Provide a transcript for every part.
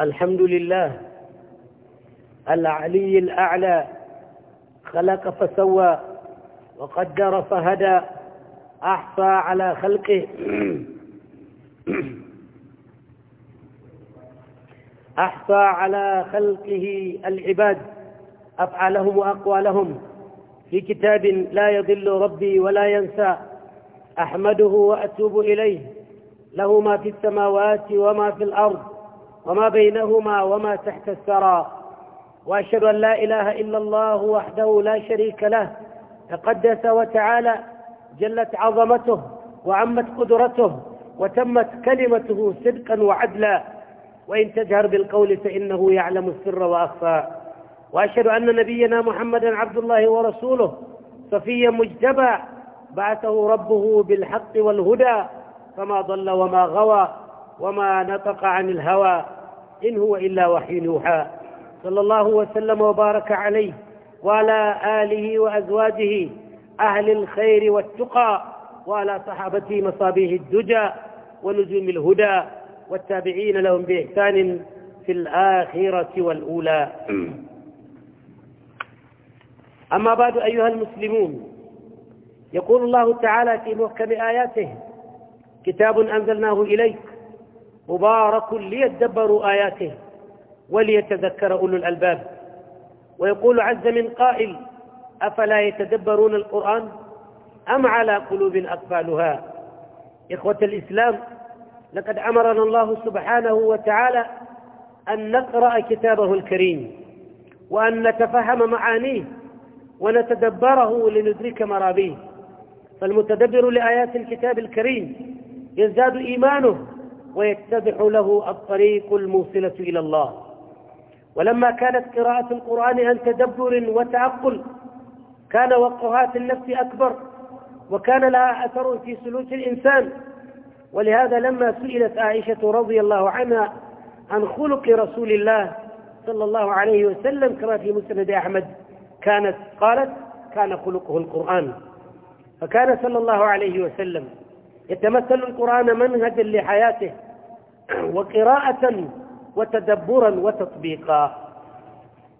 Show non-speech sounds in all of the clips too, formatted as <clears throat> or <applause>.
الحمد لله العلي الأعلى خلق فسوى وقدر فهدى أحصى على خلقه <clears throat> أحصى على خلقه العباد أفعالهم وأقوالهم في كتاب لا يضل ربي ولا ينسى أحمده وأتوب إليه له ما في السماوات وما في الأرض وما بينهما وما تحت الثرى وأشهد أن لا إله إلا الله وحده لا شريك له تقدس وتعالى جلت عظمته وعمت قدرته وتمت كلمته صدقا وعدلا وإن تجهر بالقول فإنه يعلم السر وأخفى وأشهد أن نبينا محمدا عبد الله ورسوله صفيا مجتبى بعثه ربه بالحق والهدى فما ضل وما غوى وما نطق عن الهوى إن هو إلا وحي يوحى صلى الله وسلم وبارك عليه وعلى آله وأزواجه أهل الخير والتقى وعلى صحابته مصابيح الدجى ونجوم الهدى والتابعين لهم بإحسان في الآخرة والأولى أما بعد أيها المسلمون يقول الله تعالى في محكم آياته كتاب أنزلناه إليك مبارك ليدبروا آياته وليتذكر أولو الألباب ويقول عز من قائل أفلا يتدبرون القرآن أم على قلوب أقفالها إخوة الإسلام لقد أمرنا الله سبحانه وتعالى أن نقرأ كتابه الكريم وأن نتفهم معانيه ونتدبره لندرك مرابيه فالمتدبر لآيات الكتاب الكريم يزداد إيمانه ويتضح له الطريق الموصلة إلى الله ولما كانت قراءة القرآن عن تدبر وتعقل كان وقهات النفس أكبر وكان لها أثر في سلوك الإنسان ولهذا لما سئلت عائشة رضي الله عنها عن خلق رسول الله صلى الله عليه وسلم كما في مسند أحمد كانت قالت كان خلقه القرآن فكان صلى الله عليه وسلم يتمثل القرآن منهجا لحياته وقراءة وتدبرا وتطبيقا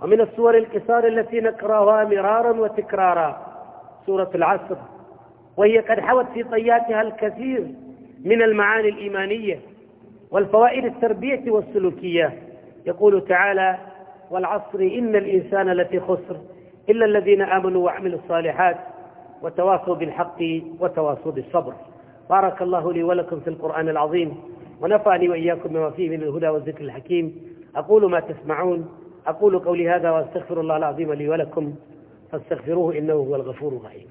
ومن السور الكسار التي نقراها مرارا وتكرارا سورة العصر وهي قد حوت في طياتها الكثير من المعاني الإيمانية والفوائد التربية والسلوكية يقول تعالى والعصر إن الإنسان لفي خسر إلا الذين آمنوا وعملوا الصالحات وتواصوا بالحق وتواصوا بالصبر بارك الله لي ولكم في القرآن العظيم ونفعني وإياكم بما فيه من الهدى والذكر الحكيم أقول ما تسمعون أقول قولي هذا وأستغفر الله العظيم لي ولكم فاستغفروه إنه هو الغفور الرحيم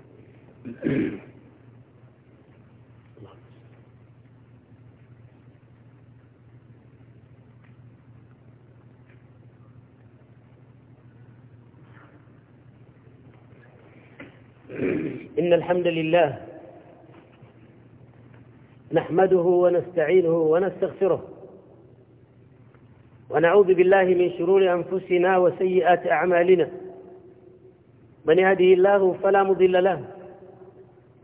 إن الحمد لله نحمده ونستعينه ونستغفره ونعوذ بالله من شرور أنفسنا وسيئات أعمالنا من يهده الله فلا مضل له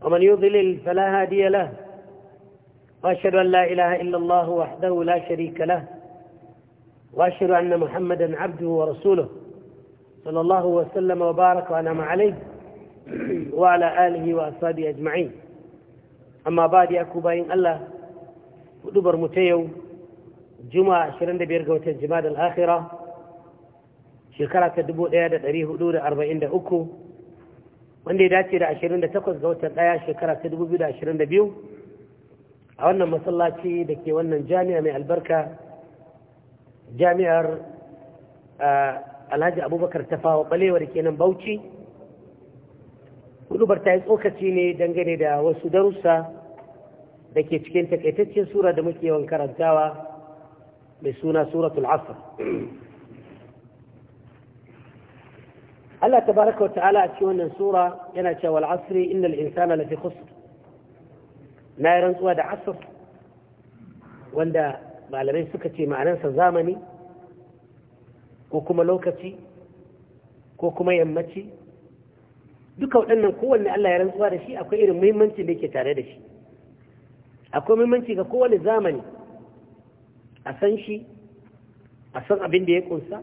ومن يضلل فلا هادي له وأشهد أن لا إله إلا الله وحده لا شريك له وأشهد أن محمدا عبده ورسوله صلى الله وسلم وبارك وأنعم عليه وعلى آله وأصحابه أجمعين amma ba da yaku bayan Allah hudubar mu ta yau juma'a 25 ga watan jima'a al-akhira shekara ta 1443 wanda ya dace da 28 ga watan daya shekara ta 2022 a wannan masallaci da ke wannan jami'a mai albarka jami'ar ah, alhaji abubakar tafawa balewa da kenan bauchi hudubar ta yi tsokaci ne dangane da wasu darussa da ke cikin takaitaccen sura da muke yawan karantawa mai suna suratul asr Allah tabaraka wa ta'ala a cikin wannan sura yana cewa al'asri innal insana lafi khusr na yi rantsuwa da asr wanda malamai suka ce ma'anarsa zamani ko kuma lokaci ko kuma yammaci duka waɗannan kowanne Allah ya rantsuwa da shi akwai irin muhimmancin da yake tare da shi akwai muhimmanci ga kowane zamani a san shi a san abin da ya kunsa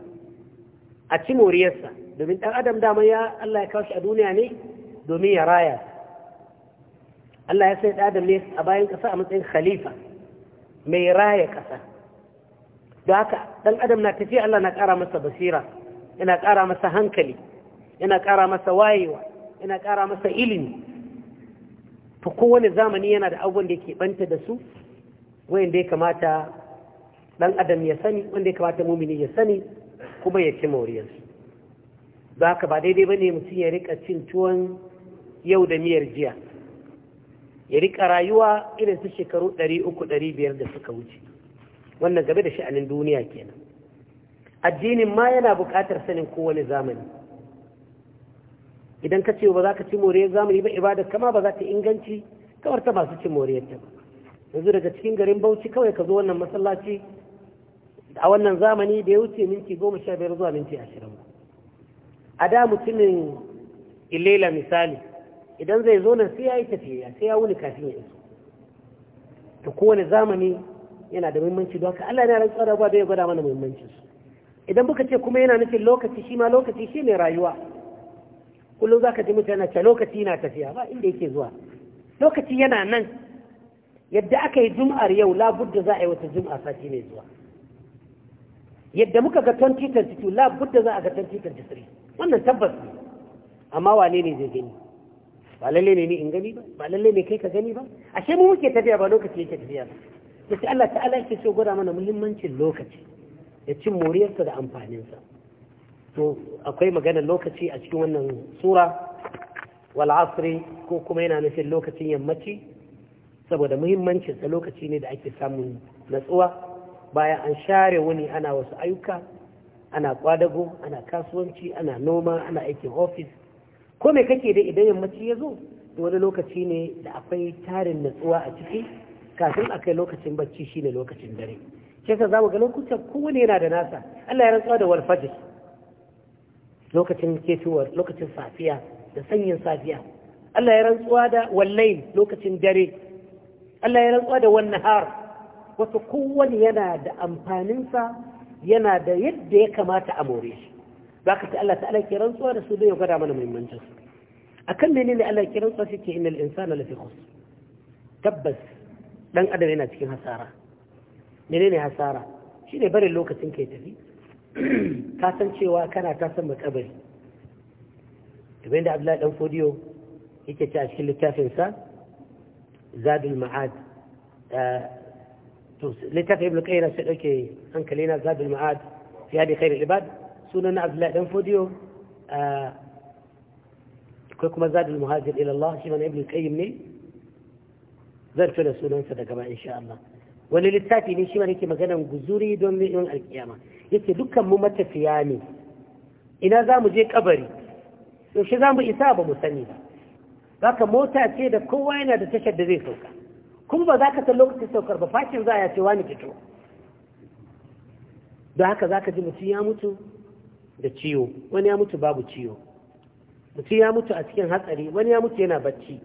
a ci moriyarsa domin ɗan adam dama ya Allah ya kawo shi a duniya ne domin ya raya Allah ya sai ɗan adam ne a bayan ƙasa a matsayin khalifa mai raya ƙasa da haka ɗan adam na tafiya Allah na ƙara masa basira yana ƙara masa hankali yana ƙara masa wayewa Ina ƙara masa ilimi to kowane zamani yana da abubuwan da yake banta da su wanda ya kamata ɗan adam ya sani wanda ya kamata mumini ya sani kuma ya ci moriyarsu ba ka ba daidai ba ne mutum ya rika cin tuwon yau da miyar jiya ya rika rayuwa irin su shekaru 300-500 da suka wuce wannan game da sha'anin duniya kenan addinin ma yana buƙatar sanin kowane zamani idan ka ce ba za ka ci moriyar zamani ba ibada kama ba za ta inganci kamar ta masu ci moriyar ta ba yanzu daga cikin garin bauchi kawai ka zo wannan masallaci a wannan zamani da ya wuce minti goma sha biyar zuwa minti ashirin ba a da mutumin ilela misali idan zai zo nan sai ya yi tafiya sai ya wuni kafin ya iso to kowane zamani yana da muhimmanci don haka Allah yana rantsuwa da ba da ya gwada mana muhimmancinsu. idan muka ce kuma yana nufin lokaci shi ma lokaci shi ne rayuwa kullum za ka ji mutane ta lokaci na tafiya ba inda yake zuwa lokaci yana nan yadda aka yi jum'ar yau da za a yi wata jum'a sati mai zuwa yadda muka ga 2022 da za a ga 2023 wannan tabbas ne amma wane ne zai gani ba lalle ne ni in gani ba ba lalle ne kai ka gani ba ashe mu muke tafiya ba lokaci yake tafiya ba sai Allah ta'ala yake so gwada mana muhimmancin lokaci ya cin moriyarsa da amfaninsa to akwai maganar lokaci a cikin wannan sura wal asri ko kuma yana nufin lokacin yammaci saboda muhimmancin sa lokaci ne da ake samun natsuwa bayan an share wuni ana wasu ayyuka ana kwadago ana kasuwanci ana noma ana aikin ofis ko me kake da idan yammaci ya zo wani lokaci ne da akwai tarin natsuwa a ciki kafin akai lokacin bacci shine lokacin dare shi zamu ga lokutan kowane yana da nasa Allah ya rantsuwa da wal lokacin ketowar lokacin safiya da sanyin safiya Allah ya rantsuwa da wallail lokacin dare Allah ya rantsuwa da wannan har wato kowanne yana da amfaninsa yana da yadda ya kamata a more shi ka ta Allah ta'ala ke rantsuwa da su da ya gwada mana muhimmancin su akan menene Allah rantsuwa shi ke innal insana lafi khusr tabbas dan adam yana cikin hasara menene hasara shine barin lokacin kai tafi <clears throat> ka san cewa kana ta san makabari kamar da abdullahi dan fodiyo yake ci a cikin littafinsa zadul ma'ad eh, to littafin ibn kayyim sai dauke hankali na zadul ma'ad fi hadi al ibad sunan abdullahi dan fodiyo eh, akwai kuma zadul muhajir ila Allah shi mana ibn kayyim ne zan tuna sunansa daga ba insha Allah wani littafi ne shi mana yake maganan guzuri don mi'in alkiyama yace dukkan mu matafiya ne ina za mu je kabari yaushe za mu isa ba mu sani ba haka mota ce da kowa yana da tashar da zai sauka kuma ba za ka san lokacin saukar ba fashin za a yace wani fito da haka za ka ji mutum ya mutu da ciwo wani ya mutu babu ciwo mutum ya mutu a cikin hatsari wani ya mutu yana bacci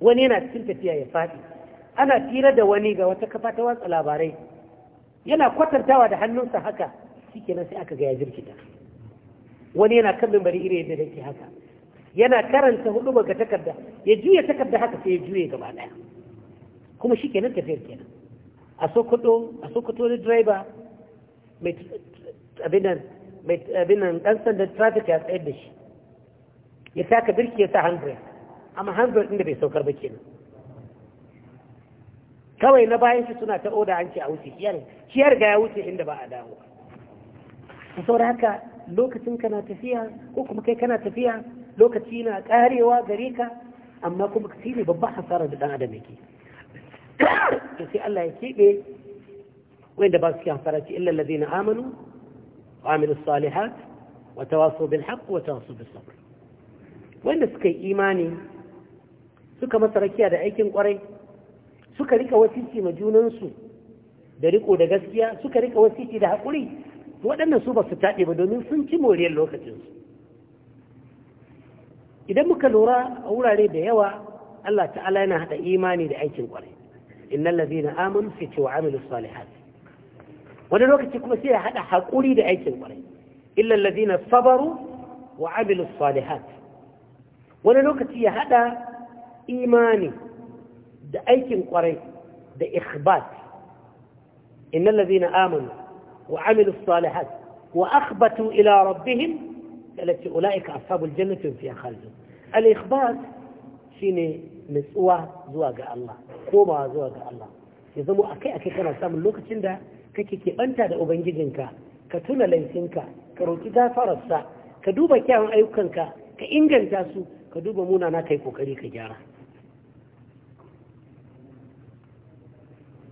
wani yana cikin tafiya ya faɗi ana tira da wani ga wata kafa ta watsa labarai yana kwatantawa da hannunsa haka shikenan sai aka ga ya jirkita wani yana kallon bari iri yadda ke haka yana karanta hudu ga takarda ya juya takarda haka sai ya juye gaba daya kuma shikenan tafiyar kenan a kudo a sokoto da driver mai abinan mai abinan dan sandan traffic ya tsayar da shi ya taka birki ya sa 100 amma 100 din da bai saukar ba kenan kawai na bayan shi suna ta oda an ce a wuce shiyar shiyar ga ya wuce inda ba a dawo saboda haka lokacin kana tafiya ko kuma kai kana tafiya lokaci na karewa gare ka amma kuma kai ne babban hasara da dan adam yake to sai Allah ya kebe wanda ba su kiyan hasara illa allazina amanu wa amilus salihat wa tawassaw bil haqq wa tawassaw bis sabr wanda suka yi imani suka masa rakiya da aikin kwarai suka rika wasiki ma junansu da riko da gaskiya suka rika wasiki da haƙuri waɗannan su ba su taɗe ba domin sun ci moriyar lokacinsu idan muka lura a wurare da yawa Allah ta'ala yana haɗa imani da aikin ƙwarai innal ladina amanu fi wa amilu salihat wani lokaci kuma sai ya haɗa haƙuri da aikin ƙwarai illal ladina sabaru wa amilu salihat wani lokaci ya haɗa imani da aikin kwarai da ikhbat innal ladina amanu wa amilu salihat wa akhbatu ila rabbihim allati ulaika ashabul jannati fiha khalidun al ikhbat shine nitsuwa zuwa ga Allah koma zuwa ga Allah ya zama a kai kana samun lokacin da kake ɓanta da ubangijinka ka tuna laifinka ka roki gafararsa ka duba kyawun ayyukanka ka inganta su ka duba munana na yi kokari ka gyara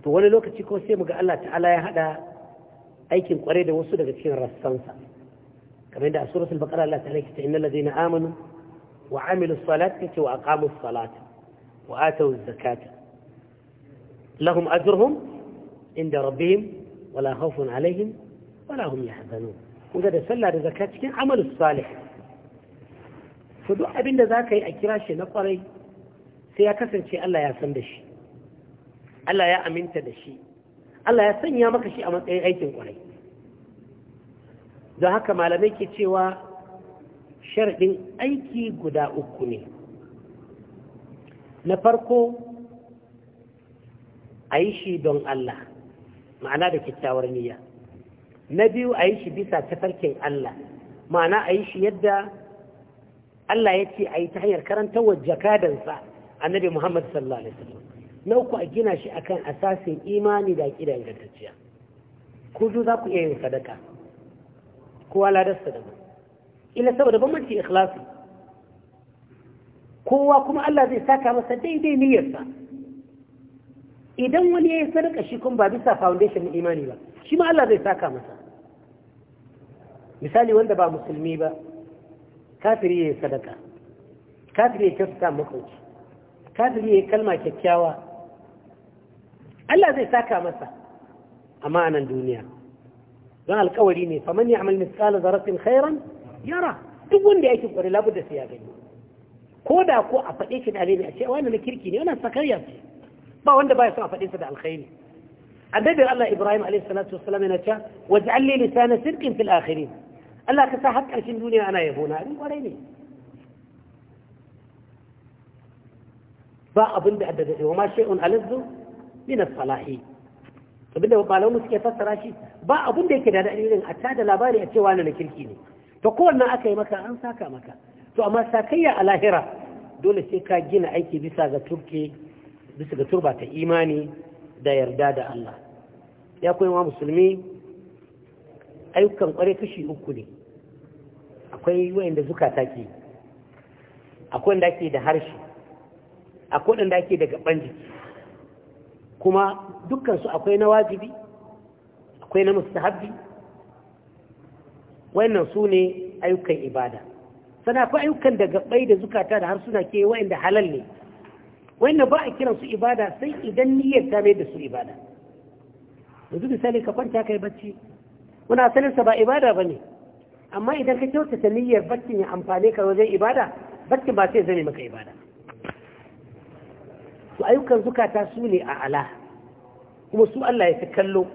to wani lokaci ko sai mu Allah ta'ala ya hada aikin kware da wasu daga cikin rassansa kamar da a suratul baqara Allah ta'ala yake innal ladina amanu wa amilus salati yake wa aqamus salata wa atawuz zakata lahum ajruhum inda rabbihim wala khawfun alaihim wala hum yahzanun kuga da sallah da zakat cikin amalus salih to duk abinda zaka yi a kira shi na kwarai sai ya kasance Allah ya san da shi Allah ya aminta da shi Allah ya sanya maka shi a matsayin aikin kwarai don haka malamai ke cewa sharɗin aiki guda uku ne na farko a yi shi don Allah ma'ana da kyakkyawar niyya na biyu a yi shi bisa tafarkin Allah ma'ana a yi shi yadda Allah ya ce a yi ta hanyar karantar wa jakadansa annabi Muhammad sallallahu Alaihi wasallam na uku a gina shi akan asasin imani da aƙida ingantacciya ko zo za ku iya yin sadaka kowa ladar sadaka ila saboda bambanci ikhlasi kowa kuma Allah zai saka masa daidai niyyarsa idan wani ya yi sadaka shi kuma ba bisa foundation imani ba shi ma Allah zai saka masa misali wanda ba musulmi ba kafiri ya yi sadaka kafiri ya kyautata makauci kafiri ya yi kalma kyakkyawa Allah zai saka masa amma a nan duniya don alkawari ne faman ya amal miskala zaratin khairan yara duk wanda yake kwari labudda sai ya gani ko da ko a faɗe shi da alheri a ce wani na kirki ne wannan sakayya ce ba wanda ba ya son a faɗe sa da alkhairi annabi Allah Ibrahim alaihi salatu wassalam yana cewa waj'al li lisana sidqin fil akhirin Allah ka sa har karshen duniya ana yabo na ni kwarai ne ba abinda da addada wa ma shay'un alazzu min as-salahi abinda malamu suke fassara shi ba abin da yake da daɗi irin a da labari a cewa na kirki ne to kowanne aka yi maka an saka maka to amma sakayya a lahira dole sai ka gina aiki bisa ga turke bisa ga turba ta imani da yarda da Allah ya koyi wa musulmi ayyukan kware kashi uku ne akwai wayanda zukata ke akwai wanda ake da harshe akwai wanda ake da gaban jiki kuma dukkansu akwai na wajibi akwai na mustahabbi wannan su ne ayyukan ibada sana akwai ayyukan da gabai da zukata da harsuna ke wa'anda halal ne wa'anda ba a kiran su ibada sai idan niyyar ta mai da su ibada yanzu misali ka kwanta kai bacci muna saninsa ba ibada ba ne amma idan ka kyautata niyyar baccin ya amfane ka wajen ibada bacci ba sai zai maka ibada to ayyukan zukata su ne a ala kuma su Allah ya fi kallo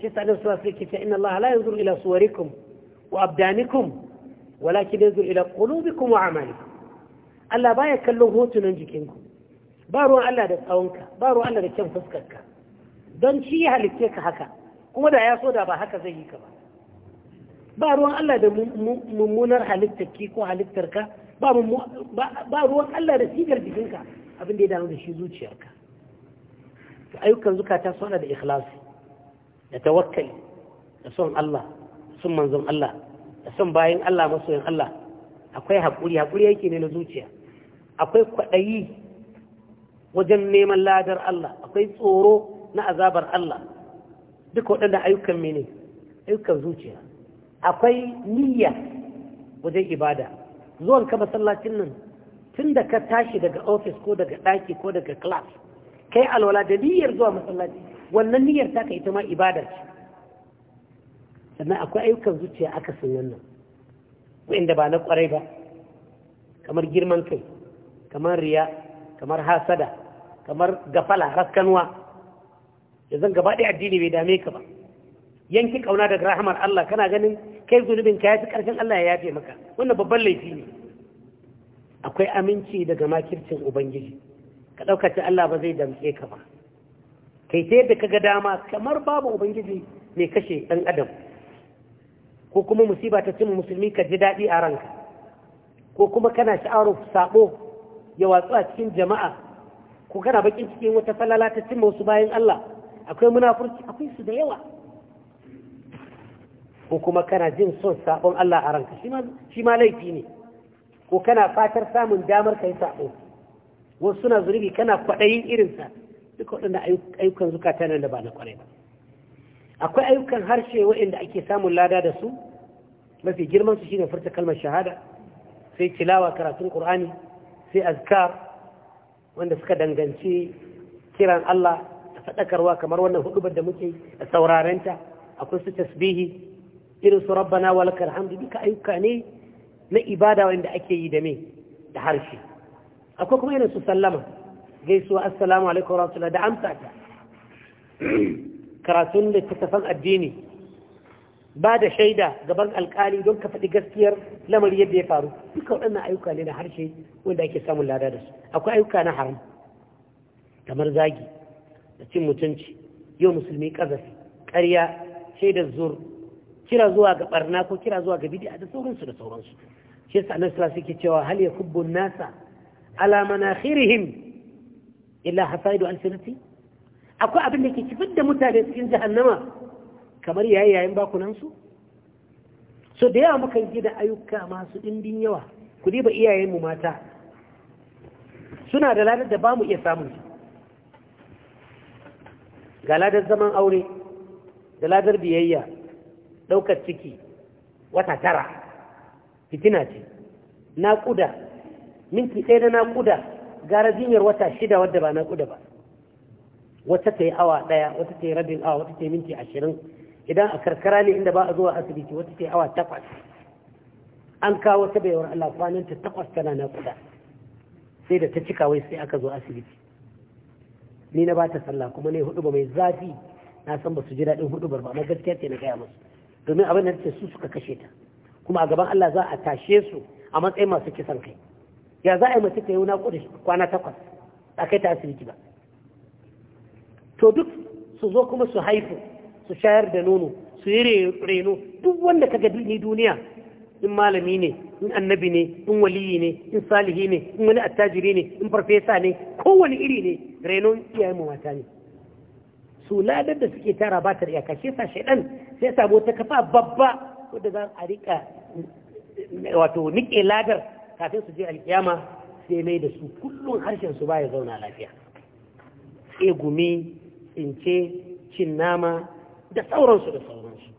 shi sa da suwa sai ke inna Allah la yanzuru ila suwarikum wa abdanikum walakin yanzuru ila qulubikum wa amalikum Allah baya kallon hotunan jikinku ba ruwan Allah da tsawonka ba ruwan Allah da kyan fuskarka don shi ya halitte ka haka kuma da ya so da ba haka zai yi ka ba ba ruwan Allah da mummunar halittarki ko halittarka ba ruwan Allah da sigar jikinka abin da ya damu da shi zuciyarka to ayyukan zukata suna da ikhlasi da tawakkali da son Allah sun manzon Allah da son bayan Allah masoyin Allah akwai haƙuri haƙuri yake ne na zuciya akwai kwaɗayi wajen neman ladar Allah akwai tsoro na azabar Allah duk waɗanda ayyukan mene ayyukan zuciya akwai niyya wajen ibada zuwan ka masallacin nan tun da ka tashi daga ofis ko daga daki, ko daga class kai alwala da niyyar zuwa masallaci wannan niyyar ta ka ta ma ibada. ce sannan akwai ayyukan zuciya aka sun wannan wanda ba na kwarai ba kamar girman kai kamar riya kamar hasada kamar gafala raskanwa ya zan gaba ɗaya addini bai dame ka ba yanki kauna daga rahamar Allah kana ganin kai zunubin ka ya fi ƙarfin Allah ya yafe maka wannan babban laifi ne akwai aminci daga makircin ubangiji ka ɗaukacin Allah ba zai damtse ka ba kai ta yadda kaga dama kamar babu ubangiji mai kashe ɗan adam ko kuma musiba ta cin musulmi ka ji daɗi a ranka ko kuma kana sha'arar saɓo ya watsu a cikin jama'a ko kana bakin cikin wata falala ta cin wasu bayan Allah akwai munafurci akwai su da yawa ko kuma kana jin son sabon Allah a ranka shi ma laifi ne ko kana fatar samun damar ka yi saɓo wasu suna zunubi kana kwaɗayin irinsa duka waɗanda ayyukan zukata nan da ba na kwarai ba akwai ayyukan harshe waɗanda ake samun lada da su mafi girman su shine furta kalmar shahada sai tilawa karatun qur'ani sai azkar wanda suka danganci kiran Allah da fadakarwa kamar wannan hudubar da muke da ta. akwai su tasbihi irin su rabbana walakal hamdu duka ayyuka ne na ibada wanda ake yi da me da harshe akwai kuma irin su sallama gaisuwa assalamu alaikum warahmatullahi da amsa ta <clears throat> karatun da kasafan addini ba da shaida gaban alkali don ka faɗi gaskiyar lamari yadda ya faru duka waɗannan ayyuka ne na harshe wanda ake samun lada da su akwai ayyuka na haram kamar zagi da cin mutunci yau musulmi ƙazafi ƙarya shaidar zur kira zuwa ga ɓarna ko kira zuwa ga bidi'a da sauransu da sauransu shi yasa annabi suke cewa hal yakubbu nasa ala manakhirihim illa hasaidu alsinati akwai abin da ke kifar da mutane cikin jahannama kamar yayi yayin bakunan su so da yawa muka yi da ayyuka masu dindin yawa ku diba iyayenmu mata suna da ladar da ba mu iya samun su ga ladar zaman aure da ladar biyayya ɗaukar ciki wata tara fitina ce naƙuda minti ɗaya na naƙuda gara jinyar wata shida wadda ba naƙuda ba wata ta yi awa ɗaya wata ta yi rabin awa wata ta yi minti ashirin idan a karkara ne inda ba a zuwa asibiti wata ta yi awa takwas an kawo ta bayar Allah kwanan ta takwas tana naƙuda sai da ta cika wai sai aka zo asibiti ni na ba ta sallah kuma ne hudu ba mai zafi na san ba su ji daɗin hudu ba amma gaskiya ce na gaya musu domin abin da ce su suka kashe ta kuma a gaban Allah za a tashe su a matsayin masu kisan kai ya za a yi mace ka yi kwana takwas a kai ta asibiti ba to duk su zo kuma su haifu su shayar da nono su yi reno duk wanda ka gadi ni duniya in malami ne in annabi ne in waliyi ne in salihi ne in wani attajiri ne in farfesa ne kowane iri ne renon iyayen mu mata ne su ladar da suke tara ba ta iyaka sa yasa shaidan sai sabo ta kafa babba wadda za a rika wato niƙe ladar kafin su je alƙiyama, sai mai da su kullum harshen su baya zauna lafiya sai gumi tsince cin nama da sauransu da sauransu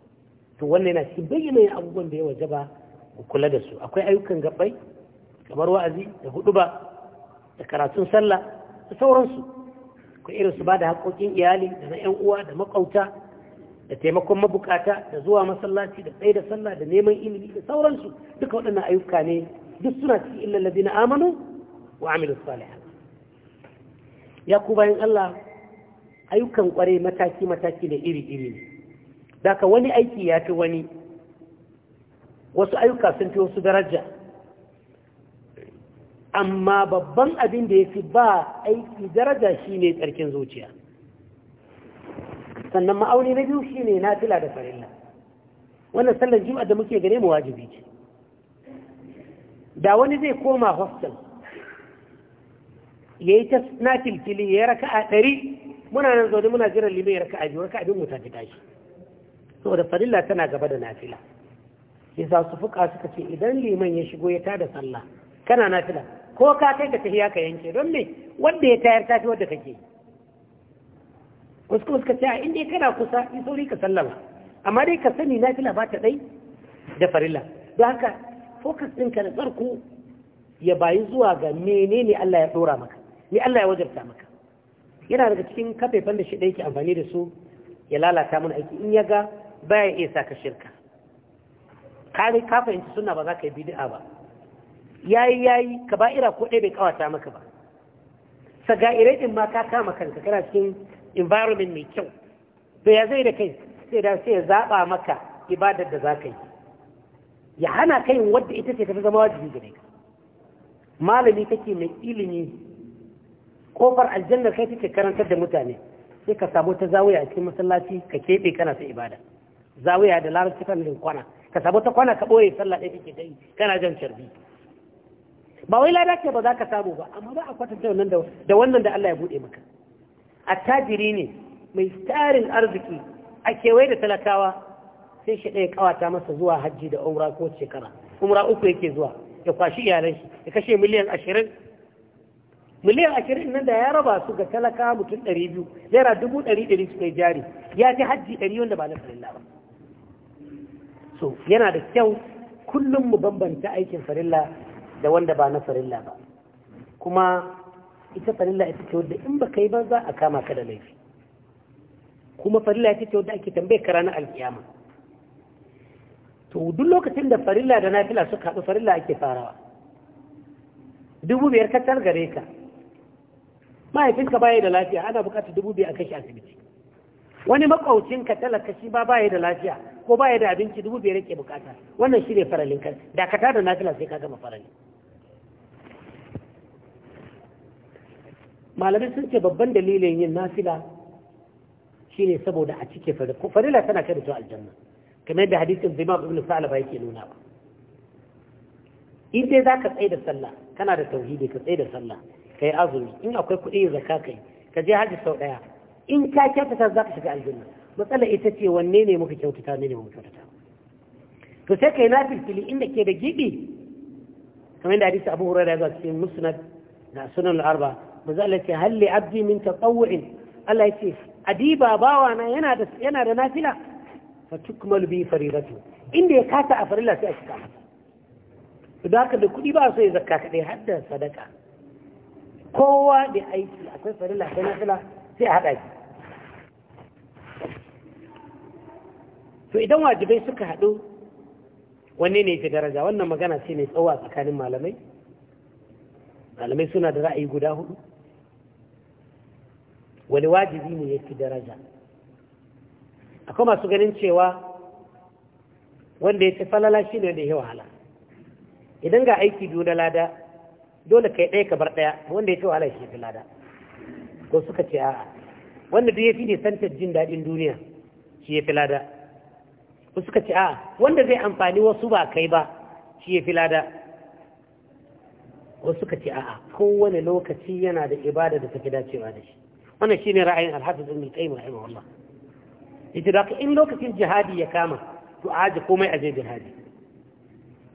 to wannan yana cikin bayyana abubuwan da ya ba ku kula da su akwai ayyukan gabbai kamar wa'azi da huɗuba, da karatun sallah da sauransu ku irin su ba da haƙoƙin iyali da na 'yan uwa da maƙauta da taimakon mabukata da zuwa masallaci da tsaye da sallah da neman ilimi da sauransu duka waɗannan ayyuka ne duk suna cikin illal na amanu wa amilu ya ku bayan Allah ayyukan kware mataki mataki da iri iri daga wani aiki ya fi wani wasu ayyuka sun fi wasu daraja amma babban abin da ya fi ba aiki daraja shine tsarkin zuciya sannan ma'auni na biyu shine nafila da farilla wannan sallar juma'a da muke gare mu wajibi ce da wani zai koma hostel ya yi ta nafilfili ya yi raka a ɗari muna nan zaune muna jiran limai raka a biyu raka abin mu tafi tashi saboda farilla tana gaba da nafila ya sa su fuka suka ce idan liman ya shigo ya tada sallah kana nafila ko ka kai ka tafiya ka yanke don me wanda ya tayar tafi wadda kake yi wasu kuma suka ce a inda kana kusa yi sauri ka sallama amma dai ka sani na ba ta ɗai da farilla don haka focus ɗinka na tsarku ya bayi zuwa ga menene Allah ya ɗora maka ni Allah ya wajabta maka yana daga cikin kafafen da shi ɗaya ke amfani da su ya lalata mana aiki in ya ga baya iya sa ka shirka kare ka fahimci suna ba za ka yi bid'a ba yayi yayi ka ira ko ɗaya bai kawata maka ba saga'irai din ma ka kama kanka kana cikin environment mai kyau Da ya zai da kai sai da sai ya zaɓa maka ibadar da za ka yi ya hana kai wadda ita ce tafi zama wajibi gare ka malami kake mai ilimi kofar aljannar kai take karantar da mutane sai ka samu ta zawiya a cikin masallaci ka keɓe kana ta ibada zawiya da larabci kan kwana ka samu ta kwana ka ɓoye sallah ɗaya ke dai kana jan carbi ba wai lada ce ba za ka samu ba amma ba a kwatanta wannan da wannan da Allah ya buɗe maka attajiri ne mai tarin arziki a kewaye da talakawa sai shi ɗaya kawata masa zuwa hajji da umra ko shekara umra uku yake zuwa ya kwashi iyalan shi ya kashe miliyan ashirin miliyan ashirin nan da ya raba su ga talaka mutum ɗari biyu naira dubu ɗari ɗari su kai jari ya ji hajji ɗari wanda ba na farilla ba so yana da kyau kullum mu bambanta aikin farilla da wanda ba na farilla ba kuma ita farilla ita ce wadda in baka yi ba za a kama ka da laifi kuma farilla ita ce wadda ake tambaye ka ranar alkiyama to duk lokacin da farilla da nafila suka haɗu farilla ake farawa dubu biyar ka targare ka mahaifinka baya da lafiya ana bukatar dubu biyar a kashi asibiti wani ka talaka shi ba baya da lafiya ko baya da abinci dubu biyar ke bukata wannan shi ne faralin kan dakata da nafila sai ka gama faralin malamai sun ce babban dalilin yin nafila ne saboda a cike farila tana kai da su aljanna kamar da hadisin zimam ibn salaba yake nuna ba in dai zaka tsaye da sallah kana da tauhidi ka tsaye da sallah yi azumi in akwai kuɗi zaka kai ka je haji sau ɗaya in ka kyautata za ka shiga aljanna matsala ita ce wanne ne muka kyautata ne ne muka kyautata to sai ka yi nafilfili inda ke da gibi kamar da hadisi abu hurairah ya zo cikin musnad na sunan al manzo Allah ce halli abdi min tatawwu'in Allah ya ce adiba bawa na yana da yana da nafila fa tukmalu bi faridatu inda ya kata a farilla sai a cika masa da haka da ba so ya zakka kaɗai har sadaka kowa da aiki akwai farilla sai nafila sai a haɗa shi to idan wajibai suka haɗu wanne ne fi daraja wannan magana ce mai tsawo tsakanin malamai malamai suna da ra'ayi guda hudu wani wajibi ne yake daraja akwai masu ganin cewa wanda ya ce falala shi ne da ya wahala idan ga aiki biyu na lada dole ka yi ɗaya ka bar ɗaya wanda ya ce wahala shi fi lada ko suka ce a'a wanda duk ya fi nisantar jin daɗin duniya shi ya fi lada ko suka ce a'a wanda zai amfani wasu ba kai ba shi ya fi lada ko suka ce a'a kowane lokaci yana da ibada da tafi dacewa da shi wannan shine ra'ayin al-hafiz ibn qayyim Allah yace da in lokacin jihadi ya kama to a aje komai a aje jihadi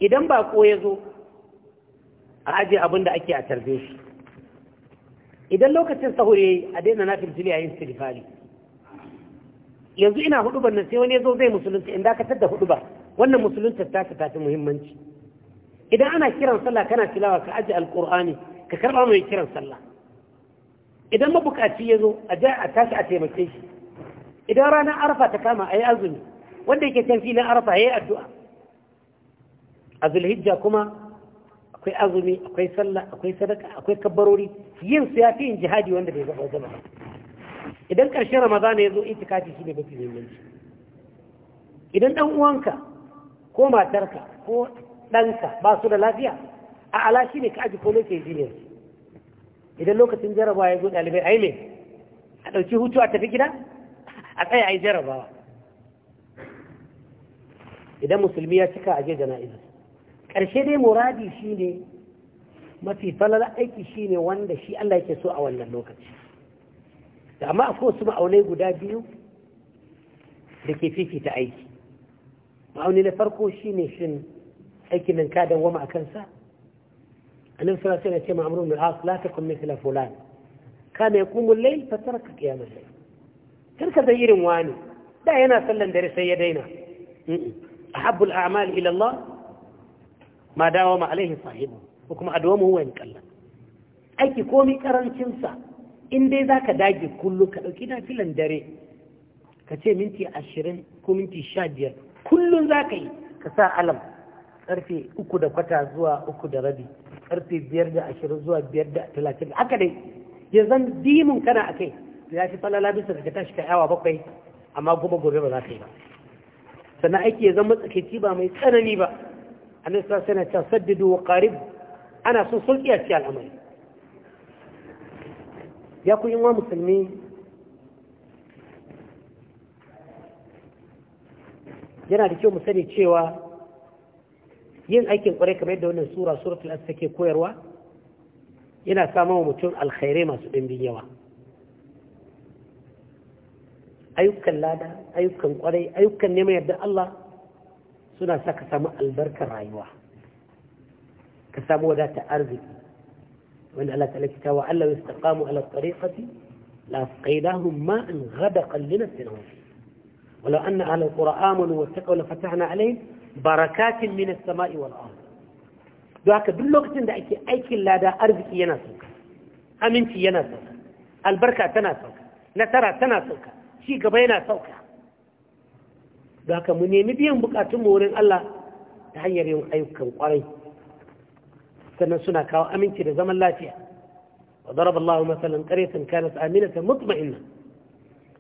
idan ba ko ya zo a aje abin da ake a tarbe shi idan lokacin sahur yayi a daina nafil jili yin istighfari yanzu ina huduban nan sai wani ya zo zai musulunta in dakatar da huduba wannan musulunta ta ta fi muhimmanci idan ana kiran sallah kana tilawa ka aje alqur'ani ka karba mai kiran sallah idan mabukaci ya zo a ja a tashi a taimake shi idan ranar arfa ta kama a yi azumi wanda yake can filin arfa ya yi addu'a a zulhijja kuma akwai azumi akwai sallah akwai sadaka akwai kabbarori yin su ya fi yin jihadi wanda bai zaba zaba idan ƙarshen ramadana ya zo itikafi shi ne mafi muhimmanci idan ɗan uwanka ko matarka ko ɗanka ba su da lafiya a ala shi ne ka aji ko lokacin jiniyarsu idan lokacin jarabawa ya zo ɗalibai ai me a ɗauki hutu a tafi gida a tsaya a yi jarabawa idan musulmi ya cika a je jana'iza ƙarshe dai muradi shi ne mafi falala aiki shi ne wanda shi Allah yake so a wannan lokaci da amma akwai wasu ma'aunai guda biyu da ke fifita aiki ma'auni na farko shi ne shin aikin nan ka dawwama a kansa النبي صلى الله عليه وسلم عمرو بن العاص لا تكن مثل فلان كان يقوم الليل فترك قيام الليل ترك دير واني لا ينا سلن دري سيدينا أحب الأعمال إلى الله ما داوم عليه صاحبه وكما أدومه وإن كلا أي كومي كران شمسا إن دي ذاك داجي كله كده في لندري كتير منتي عشرين كو منتي شادية كل ذاك كسا علم ƙarfe uku da kwata zuwa uku da rabi karfe biyar da ashirin zuwa biyar da talatin haka dai ya zan dimin kana a kai ya fi falala bisa daga tashi ka yawa bakwai amma goma gobe ba za ka yi ba sannan aiki ya zan matsakaici ba mai tsanani ba a nan sa sana ta saddidu wa karib ana son sulki a cikin al'amari ya ku yi musulmi yana da kyau mu sani cewa yin aikin kwarai kamar yadda wannan sura suratul as take koyarwa yana samun mutum alkhairai masu ɗimbin yawa ayyukan lada ayyukan kwarai ayyukan neman yadda Allah suna sa ka samu albarkar rayuwa ka samu wadata arziki wanda Allah ta lakita wa Allah yastaqamu ala tariqati la asqaynahum ma'an ghadaqan linafsihim ولو أن أهل القرى آمنوا واتقوا لفتحنا عليهم barakatin min as-sama'i wal ard don haka duk lokacin da ake aikin lada arziki yana sauka aminci yana sauka albarka tana sauka nasara tana sauka ci gaba yana sauka don haka mu nemi biyan bukatun mu wurin Allah ta hanyar yin ayyukan kwarai sannan suna kawo aminci da zaman lafiya wa daraba Allah masalan qaryatan kanat aminatan mutma'inna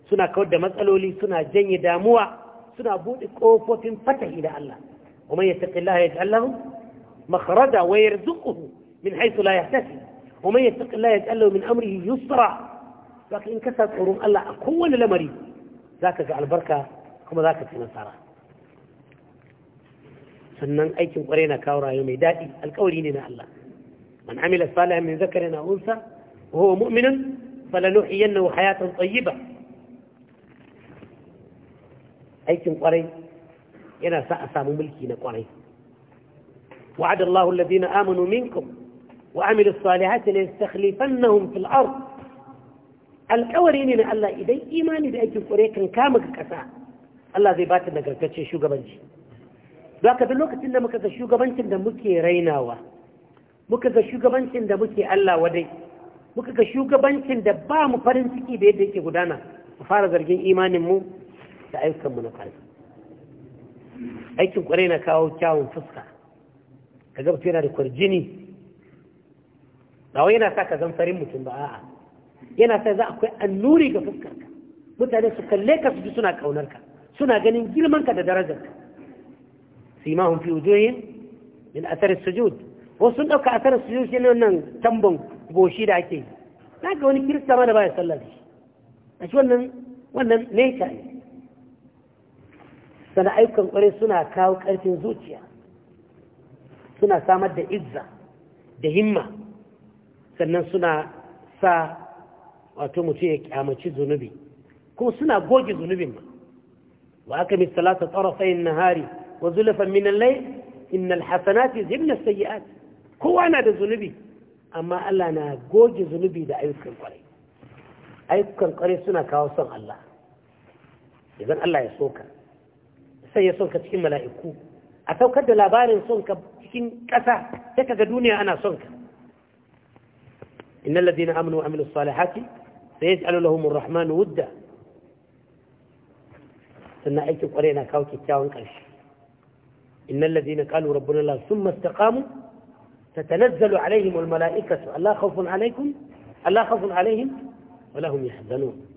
suna kawar da matsaloli suna janye damuwa suna buɗe ƙofofin fatahi da Allah kuma ya taƙi Allah ya ji مخرجا ويرزقه من حيث لا يحتسب ومن يتق الله يجعل له من امره يسرا لكن ان كسرت حروم الله اكون لمري ذاك جعل بركه كما ذاك في نصارى sannan aikin kwarai na kawo rayu mai daɗi alkawari ne na Allah man amila salihan min zakarin a unsa wa huwa mu'minun falanuhiyannahu hayatan tayyiba aikin kwarai yana sa a samu mulki na kwarai وعد الله الذين آمنوا منكم وعملوا الصالحات ليستخلفنهم في الأرض الأولين من الله إذا إيماني بأجل قريكا كامك كسا الله زي باتن دا قرقتش شو قبنجي ذاك في الوقت إنه مكذا شو قبنجي دا مكي ريناوا مكذا شو قبنجي دا مكي الله ودي مكذا شو قبنجي دا با مفرنسكي بيدي كي قدانا مفارز الجين إيمان مو da ayyukanmu na kwarai aikin kwarai na kawo kyawun fuska ka ga mutum yana da kwarjini ba yana sa ka zan farin mutum ba a'a yana sa za akwai annuri ga fuskarka mutane su kalle ka su ji suna ka suna ganin ka da darajarka hun fi wujuhin min su sujud wasu sun dauka su sujud shi ne wannan tambon goshi da ake yi Na ga wani kirista ma da baya sallah da shi A wannan wannan ne ne sana ayyukan kwarai suna kawo ƙarfin zuciya suna samar da izza da himma sannan suna sa wato mutum ya kyamaci zunubi ko suna goge zunubin ma wa aka mi salata na hari wa zulafan minan lai innal hasanati zibna sayyi'at kowa na da zunubi amma Allah na goge zunubi da ayyukan kwarai ayyukan kwarai suna kawo son Allah idan Allah ya soka sanya son ka cikin mala'iku a saukar da labarin son cikin ƙasa ta kaga duniya ana sonka ka innal ladina amanu wa amilus salihati sayaj'alu lahum ar-rahmanu wudda sannan aikin kwarai na kawo kyakkyawan ƙarshe innal ladina qalu rabbuna allah thumma istaqamu tatanazzalu alaihim al mala'ikatu alla khawfun alaikum alla alaihim wa lahum yahzanun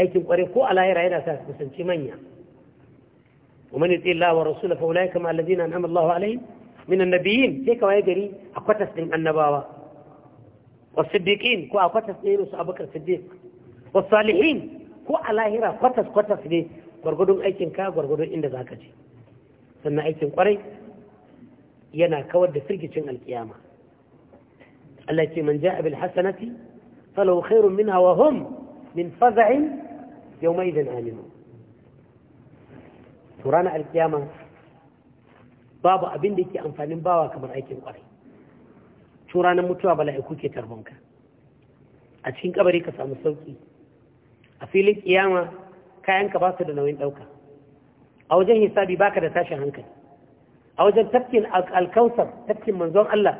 aikin kwarai ko a lahira yana sa su kusanci manya ومن يطيع الله ورسوله فاولئك مع الذين انعم الله عليهم من النبيين sai kawai gari a kwatas din annabawa wasiddiqin ko a kwatas din su abubakar siddiq wasalihin ko a lahira kwatas kwatas ne gwargwadon aikin ka gwargwadon inda zaka je sannan aikin kwarai yana kawar da firgicin alkiyama Allah ce man ja'a bil hasanati falahu khairun minha wa hum min faza'in يومئذ آمنون ترانا القيامة babu abin da yake amfanin bawa kamar aikin kwarai ranar mutuwa bala'iku ke tarbanka a cikin kabari ka samu sauki a filin kiyama kayanka ba da nauyin ɗauka a wajen hisabi baka da tashin hankali a wajen tafkin alkausar tafkin manzon Allah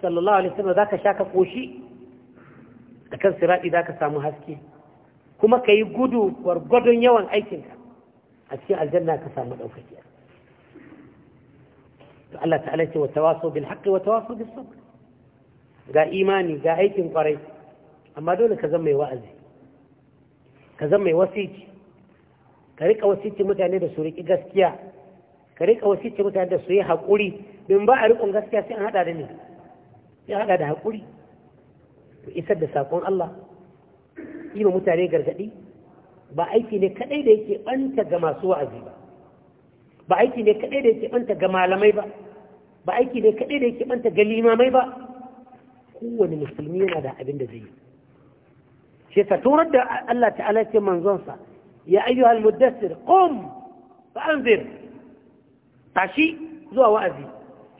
sallallahu alaihi wasallam zaka sha ka koshi akan za ka samu haske kuma ka yi gudu gwargwadon yawan aikinka a cikin aljanna ka samu ɗaukaki to Allah ta'ala ce wata waso bil haƙƙi wata waso bil sabr ga imani ga aikin kwarai amma dole ka zama mai wa'azi ka zama mai wasici ka rika wasici mutane da su riƙi gaskiya ka rika wasici mutane da su yi haƙuri bin ba a riƙon gaskiya sai an haɗa da ne sai haɗa da haƙuri isar da saƙon Allah yi mutane gargaɗi ba aiki ne kaɗai da yake ɓanta ga masu wa'azi ba ba aiki ne kaɗai da yake ɓanta ga malamai ba ba aiki ne kaɗai da yake ɓanta ga limamai ba kowane musulmi yana da abin da zai yi shi ta turar da Allah ta'ala ce manzonsa ya ayyu al-muddassir qum fa anzir tashi zuwa wa'azi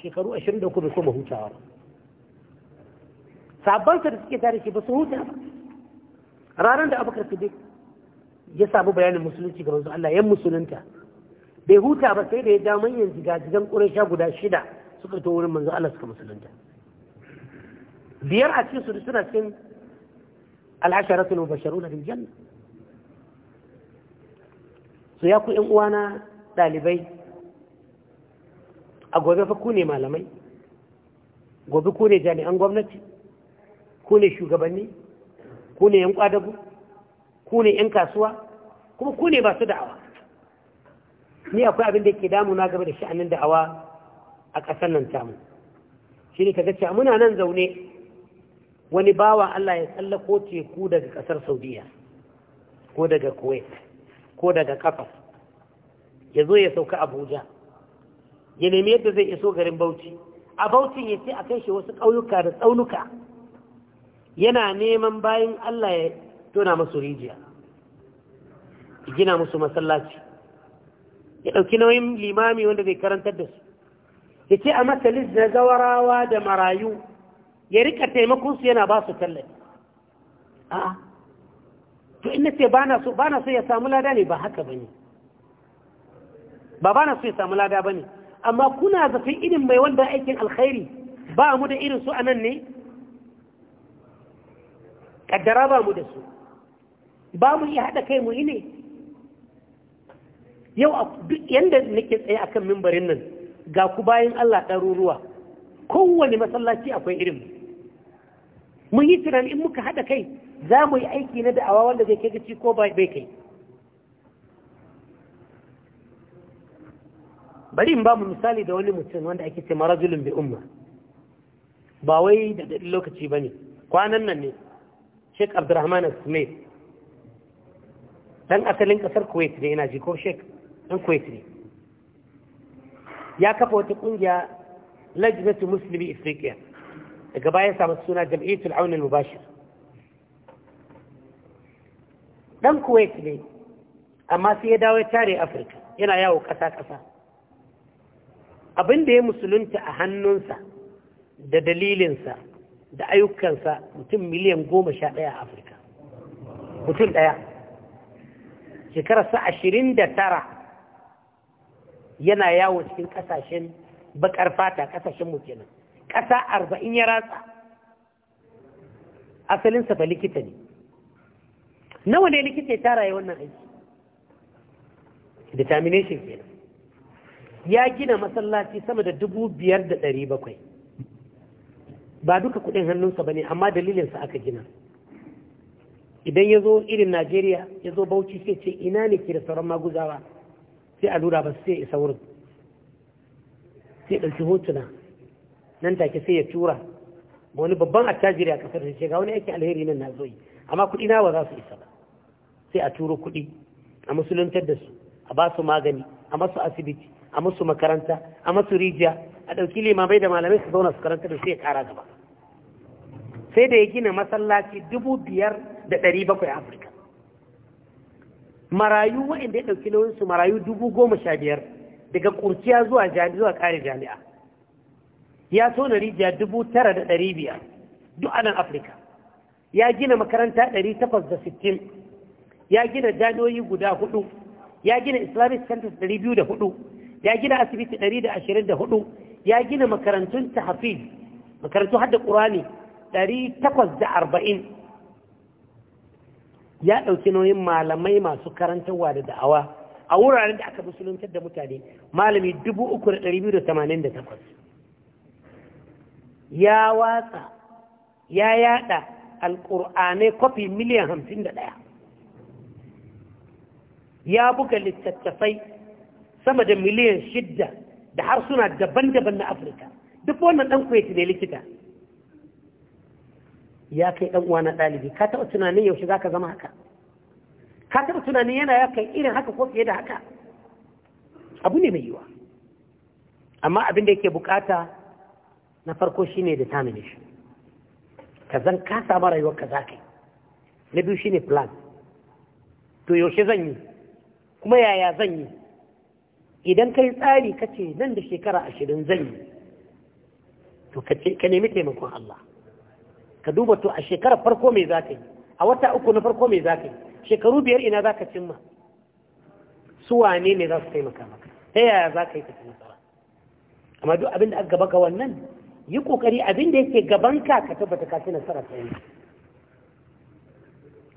shekaru 23 bai kuma hutawa sabban da suke tare shi ba su huta ba ranar da su siddiq ya samu bayanin musulunci ga manzo Allah yan musulunta bai huta ba sai da ya yanzu, manyan jigajigan ƙuraisha guda shida suka to wurin manzo Allah suka musulunta biyar a cikin su suna cikin al'asharatul mubashiruna bil janna Su ya ku ƴan uwana dalibai? a gobe fa ku ne malamai gobe ku ne jami'an gwamnati ku ne shugabanni ku ne yan kwadabu ku ne yan kasuwa kuma ku ne ba su da'awa ni akwai abin da ke na game da sha'anin da'awa a ƙasar nan tamu shi ne kaga cewa muna nan zaune wani bawa Allah ya tsallako teku daga ƙasar Saudiya ko daga Kuwait ko daga Kafar ya zo ya sauka Abuja ya nemi yadda zai iso garin Bauchi a Bauchi ya ce a kai shi wasu ƙauyuka da tsaunuka yana neman bayan Allah ya tona musu rijiya gina musu masallaci ya ɗauki nauyin limami wanda zai karantar da su ya ce a matsalis na zawarawa da marayu ya rika taimakonsu yana ba su tallafi a to ina ce ba na so ya samu lada ne ba haka ba ne ba ba na so ya samu lada ba ne amma kuna zafin irin mai wanda aikin alkhairi ba mu da irin su a nan ne kaddara ba mu da su ba mu iya haɗa kai mu yi ne yau duk yadda nake tsaye a kan mimbarin nan ga ku bayan Allah ɗaruruwa kowane masallaci akwai irin mun yi tunan in muka haɗa kai za mu yi aiki na da'awa wanda zai kai gaci ko bai kai bari in ba mu misali da wani mutum wanda ake ce marajulun bi umma ba wai da daɗin lokaci ba ne kwanan nan ne Sheikh Abdurrahman al ɗan dan asalin kasar Kuwait ne ina ji ko Sheikh dan Kuwait ne ya kafa wata kungiya Lajnatu Muslimi Afrika daga baya samu suna Jam'iyyatul Aun Al-Mubashir dan Kuwait ne amma sai ya dawo ya tare Afirka yana yawo kasa kasa abin da ya musulunta a hannunsa da dalilinsa da ayyukansa mutum miliyan goma sha ɗaya a afirka mutum ɗaya shekararsa ashirin da tara yana yawo cikin ƙasashen baƙar fata ƙasashen mu kenan ƙasa arba'in ya ratsa asalinsa ba likita ne nawa ne likita ya tara ya wannan aiki determination kenan ya gina masallaci sama da dubu biyar da ɗari bakwai ba duka kuɗin hannunsa ba ne amma dalilinsa aka gina idan ya zo irin najeriya ya zo bauchi sai ce ina ne ke da sauran maguzawa sai a lura ba su sai isa wurin sai ɗauki hotuna nan take sai ya tura wani babban attajiri a kasar da ga wani aikin alheri nan na zo yi amma kuɗi na ba za su isa ba sai a turo kuɗi a musuluntar da su a ba su magani a masu asibiti a masu makaranta a masu rijiya a ɗauki limamai da malamai su zauna su karanta da sai ƙara gaba sai da ya gina masallaci dubu biyar da ɗari bakwai a afirka marayu waɗanda ya ɗauki nauyinsu marayu dubu goma sha biyar daga kurciya zuwa zuwa ƙare jami'a ya so na rijiya dubu tara da ɗari biyar duk anan afirka ya gina makaranta ɗari takwas da sittin ya gina jami'oyi guda hudu ya gina islamic centers ɗari biyu da hudu ya gina asibiti ɗari da ashirin da hudu ya gina makarantun tahfiz makarantu hadda qur'ani 840 ya dauki nauyin malamai masu karantarwa da da'awa a wuraren da aka musuluntar da mutane malami 3288 ya watsa ya yada alƙur'anai kwafi miliyan 51 ya buga littattafai sama da miliyan shidda da harsuna daban-daban na afirka duk wannan ɗan kuwait ne likita ya kai ɗan uwa na ɗalibi ka taɓa tunanin yaushe za ka zama haka ka taɓa tunanin yana ya kai irin haka ko fiye da haka abu ne mai yiwa amma abin da yake bukata na farko shi shine determination ka zan ka samu rayuwar ka za ka yi na biyu shi ne plan to yaushe zan yi kuma yaya zan yi idan kai tsari ka ce nan da shekara ashirin zan yi to ka nemi taimakon Allah ka duba to a shekarar farko mai za ka yi a wata uku na farko mai za ka yi shekaru biyar ina za ka cimma su wane ne za su taimaka maka ta yaya za ka yi ka nasara amma duk abin da aka gaba ga wannan yi kokari abin da yake gaban ka ka tabbata ka ci nasara ta yi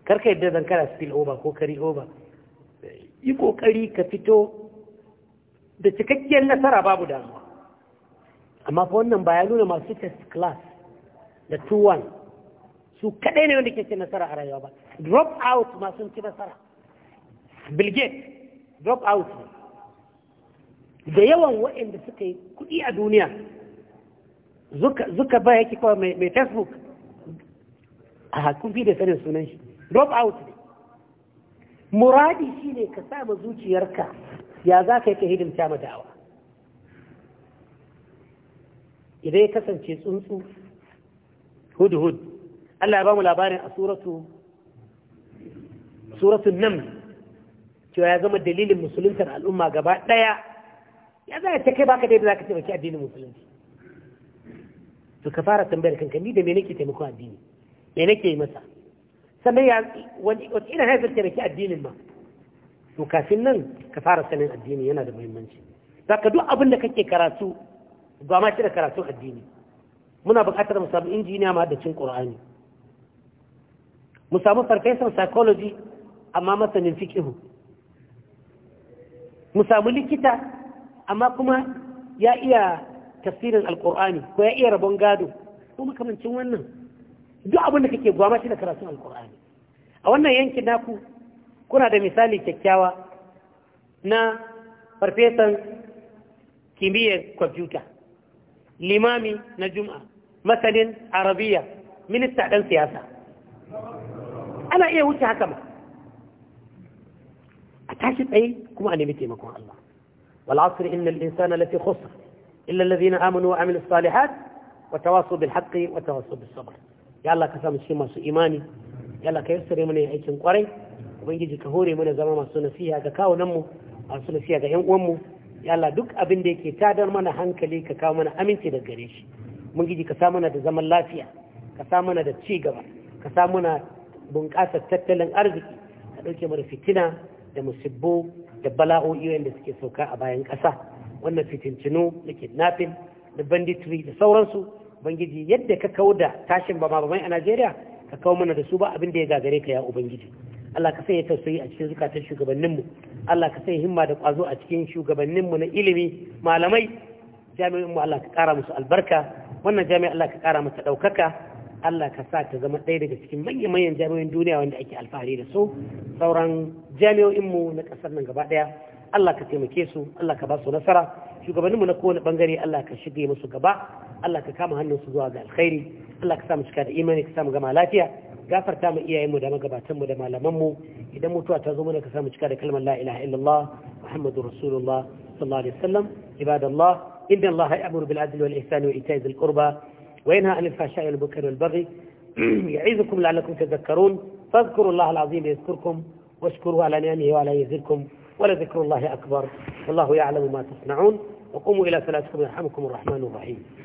karka yadda zan kara spill over ko kari over yi kokari ka fito da cikakkiyar nasara babu damuwa amma fa wannan ba ya nuna masu test class da 2-1 su kaɗai ne wanda ke cikin nasara a rayuwa ba drop out masu ci nasara bill gates drop out ne da yawan waɗanda suka yi kuɗi a duniya zuka ba yake kawai mai facebook a hakun fi da sanin sunan shi drop out ne muradi shi ne ka ma zuciyarka ya za ka yi ka hidimta ma da'awa idan ya kasance tsuntsu hudhud Allah ya ba mu labarin a suratu suratu nam cewa ya zama dalilin musuluntar al'umma gaba ɗaya ya za ta kai baka daidai za ka taimaki addinin musulunci to ka fara tambayar kanka ni da me nake taimako addini me nake yi masa sannan ya wani irin haifar taimaki addinin ma to kafin nan ka fara sanin addini yana da muhimmanci za ka duk abin da kake karatu ba ma shi da karatun addini muna buƙatar mu samu injiniya ma da cin ƙur'ani mu samu farfesan psychology amma masanin fikihu mu samu likita amma kuma ya iya tafsirin alƙur'ani ko ya iya rabon gado ko makamancin wannan duk abin da kake gwamnati da karatun alƙur'ani a wannan yankin naku kuna da misali kyakkyawa na farfesan kimiyyar kwamfuta limami na juma masanin arabiya minista ɗan siyasa ana iya wuce haka ba a tashi tsaye kuma a nemi taimakon Allah innal insana lati khusr والعصر إن الإنسان wa خسر إلا الذين آمنوا وعملوا الصالحات وتواصوا بالحق وتواصوا بالصبر يا الله كسام الشيء ماسو إيماني يا ka yassare mana aikin kwarai ubangiji ka hore mana zama masu nasiha ga kawunanmu masu nasiha ga 'yan uwanmu ya Allah duk abin da yake tadar mana hankali ka kawo mana aminci da gare shi mun giji ka sa mana da zaman lafiya ka sa mana da ci gaba ka sa mana bunƙasar tattalin arziki ka ɗauke mana fitina da musibbo da bala'o'i wanda suke sauka a bayan ƙasa wannan fitintinu da kidnapping da banditry da sauransu ubangiji yadda ka kawo da tashin bama bamai a Najeriya ka kawo mana da su ba abin da ya gagare ka ya ubangiji Allah ka sanya tausayi a cikin zukatan shugabanninmu Allah ka sanya himma da ƙwazo a cikin shugabanninmu na ilimi malamai jami'inmu Allah ka ƙara musu albarka wannan jami'a Allah ka ƙara masa ɗaukaka Allah ka sa ta zama ɗaya daga cikin manyan manyan jami'in duniya wanda ake alfahari da su sauran jami'o'inmu na ƙasar nan gaba ɗaya Allah ka taimake su Allah ka ba su nasara shugabanninmu na kowane ɓangare Allah ka shige musu gaba Allah ka kama hannunsu zuwa ga alkhairi Allah ka sa mu cika da imani ka sa mu gama lafiya gafarta mu iyayenmu da magabatanmu da malamanmu idan mutuwa ta zo mana ka samu cika da kalmar la ilaha illallah muhammadu rasulullah sallallahu alaihi wasallam ibadallah inna allah ya'muru bil adli wal ihsani wa ita'i dhil qurba wa yanha 'anil fahsha'i wal munkari wal baghi ya'idhukum la'allakum tadhakkarun fadhkuru allah al azim yadhkurkum واشكروه على نعمه وعلى يزدكم ولذكر الله أكبر والله يعلم ما تصنعون وقوموا إلى صلاتكم يرحمكم الرحمن الرحيم